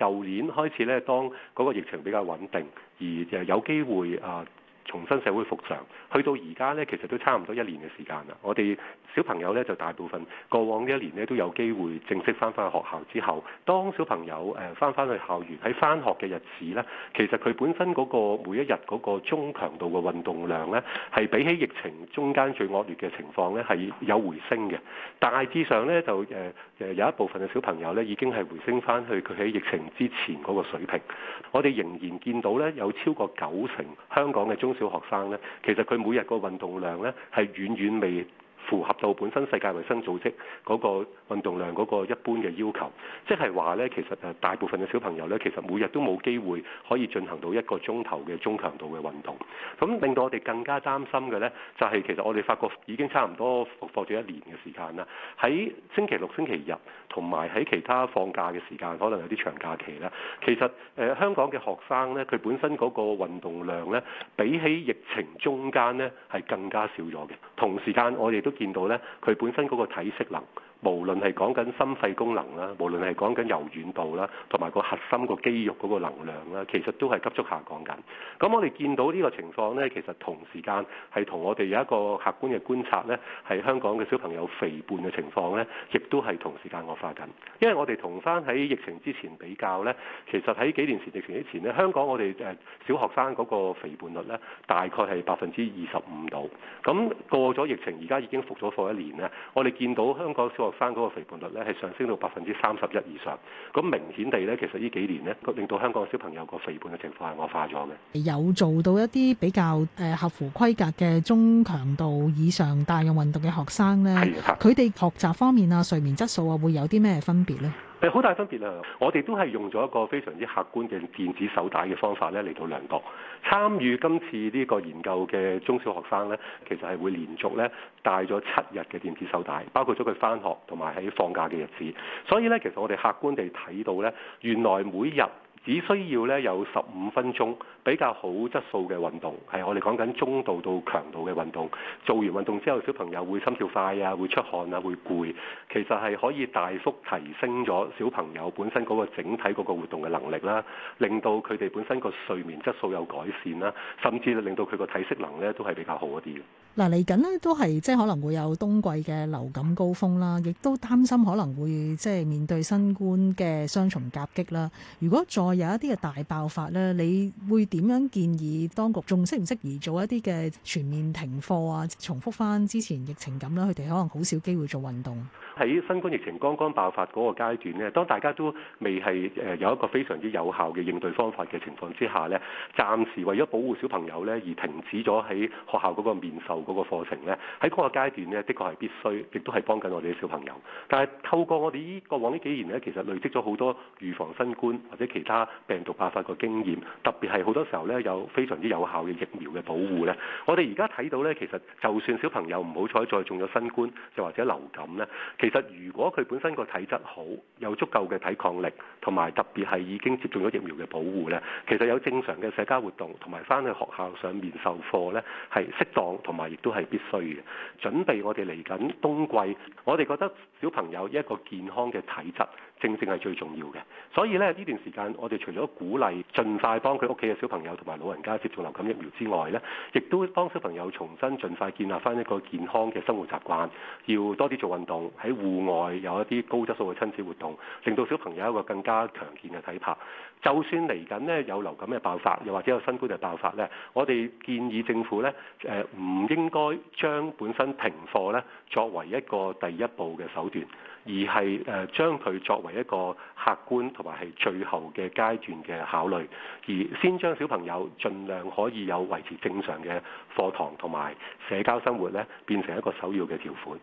舊年開始呢，當嗰個疫情比較穩定，而就有機會啊。重新社會復常，去到而家呢，其實都差唔多一年嘅時間啦。我哋小朋友呢，就大部分過往呢一年呢，都有機會正式翻返去學校之後，當小朋友誒翻返去校園，喺返學嘅日子呢，其實佢本身嗰個每一日嗰個中強度嘅運動量呢，係比起疫情中間最惡劣嘅情況呢，係有回升嘅。大致上呢，就誒有一部分嘅小朋友呢，已經係回升翻去佢喺疫情之前嗰個水平。我哋仍然見到呢，有超過九成香港嘅中小啲學生咧，其實佢每日個運動量咧，係遠遠未符合到本身世界衛生組織嗰個運動量嗰個一般嘅要求，即係話咧，其實誒大部分嘅小朋友咧，其實每日都冇機會可以進行到一個鐘頭嘅中強度嘅運動，咁令到我哋更加擔心嘅咧，就係、是、其實我哋發覺已經差唔多復課咗一年嘅時間啦。喺星期六、星期日同埋喺其他放假嘅時間可能有啲長假期啦。其實誒、呃、香港嘅學生咧，佢本身嗰個運動量咧，比起疫情中間咧，係更加少咗嘅。同時間我哋都。見到咧，佢本身嗰個體適能，無論係講緊心肺功能啦，無論係講緊柔軟度啦，同埋個核心個肌肉嗰個能量啦，其實都係急速下降緊。咁我哋見到呢個情況呢，其實同時間係同我哋有一個客觀嘅觀察呢，係香港嘅小朋友肥胖嘅情況呢，亦都係同時間惡化緊。因為我哋同翻喺疫情之前比較呢，其實喺幾年前疫情之前呢，香港我哋誒小學生嗰個肥胖率呢，大概係百分之二十五度。咁過咗疫情，而家已經復咗課一年咧，我哋見到香港小學學生嗰個肥胖率咧係上升到百分之三十一以上，咁明顯地咧，其實呢幾年咧，令到香港小朋友個肥胖嘅情況係惡化咗嘅。有做到一啲比較誒合乎規格嘅中強度以上大眾運動嘅學生咧，佢哋的學習方面啊、睡眠質素啊，會有啲咩分別咧？係好大分別啊！我哋都係用咗一個非常之客觀嘅電子手帶嘅方法呢嚟到量度。參與今次呢個研究嘅中小學生呢，其實係會連續呢戴咗七日嘅電子手帶，包括咗佢返學同埋喺放假嘅日子。所以呢，其實我哋客觀地睇到呢，原來每日，只需要呢有十五分鐘比較好質素嘅運動，係我哋講緊中度到強度嘅運動。做完運動之後，小朋友會心跳快啊，會出汗啊，會攰。其實係可以大幅提升咗小朋友本身嗰個整體嗰個活動嘅能力啦，令到佢哋本身個睡眠質素有改善啦，甚至令到佢個體適能呢都係比較好一啲嘅。嗱，嚟緊呢都係即係可能會有冬季嘅流感高峰啦，亦都擔心可能會即係面對新冠嘅雙重夾擊啦。如果再有一啲嘅大爆發咧，你會點樣建議當局？仲適唔適宜做一啲嘅全面停課啊？重複翻之前疫情咁啦，佢哋可能好少機會做運動。喺新冠疫情剛剛爆發嗰個階段咧，當大家都未係誒有一個非常之有效嘅應對方法嘅情況之下咧，暫時為咗保護小朋友咧而停止咗喺學校嗰個面授嗰個課程咧，喺嗰個階段咧，的確係必須，亦都係幫緊我哋嘅小朋友。但係透過我哋呢過往呢幾年咧，其實累積咗好多預防新冠或者其他病毒爆發個經驗，特別係好多時候咧有非常之有效嘅疫苗嘅保護咧。我哋而家睇到咧，其實就算小朋友唔好彩再中咗新冠，又或者流感咧。其實，如果佢本身個體質好，有足夠嘅抵抗力，同埋特別係已經接種咗疫苗嘅保護呢，其實有正常嘅社交活動，同埋翻去學校上面授課呢，係適當，同埋亦都係必須嘅。準備我哋嚟緊冬季，我哋覺得小朋友一個健康嘅體質。正正係最重要嘅，所以咧，呢段時間我哋除咗鼓勵盡快幫佢屋企嘅小朋友同埋老人家接種流感疫苗之外咧，亦都幫小朋友重新盡快建立翻一個健康嘅生活習慣，要多啲做運動，喺戶外有一啲高質素嘅親子活動，令到小朋友一個更加強健嘅體魄。就算嚟緊咧，有流感嘅爆發，又或者有新冠嘅爆發咧，我哋建議政府咧，誒唔應該將本身停課咧作為一個第一步嘅手段，而係誒將佢作為，係一個客觀同埋係最後嘅階段嘅考慮，而先將小朋友盡量可以有維持正常嘅課堂同埋社交生活咧，變成一個首要嘅條款。